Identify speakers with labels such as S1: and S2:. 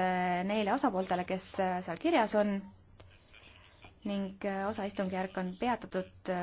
S1: Äh, neile osapooltele, kes äh, seal kirjas on ning äh, osa istungjärk on peatatud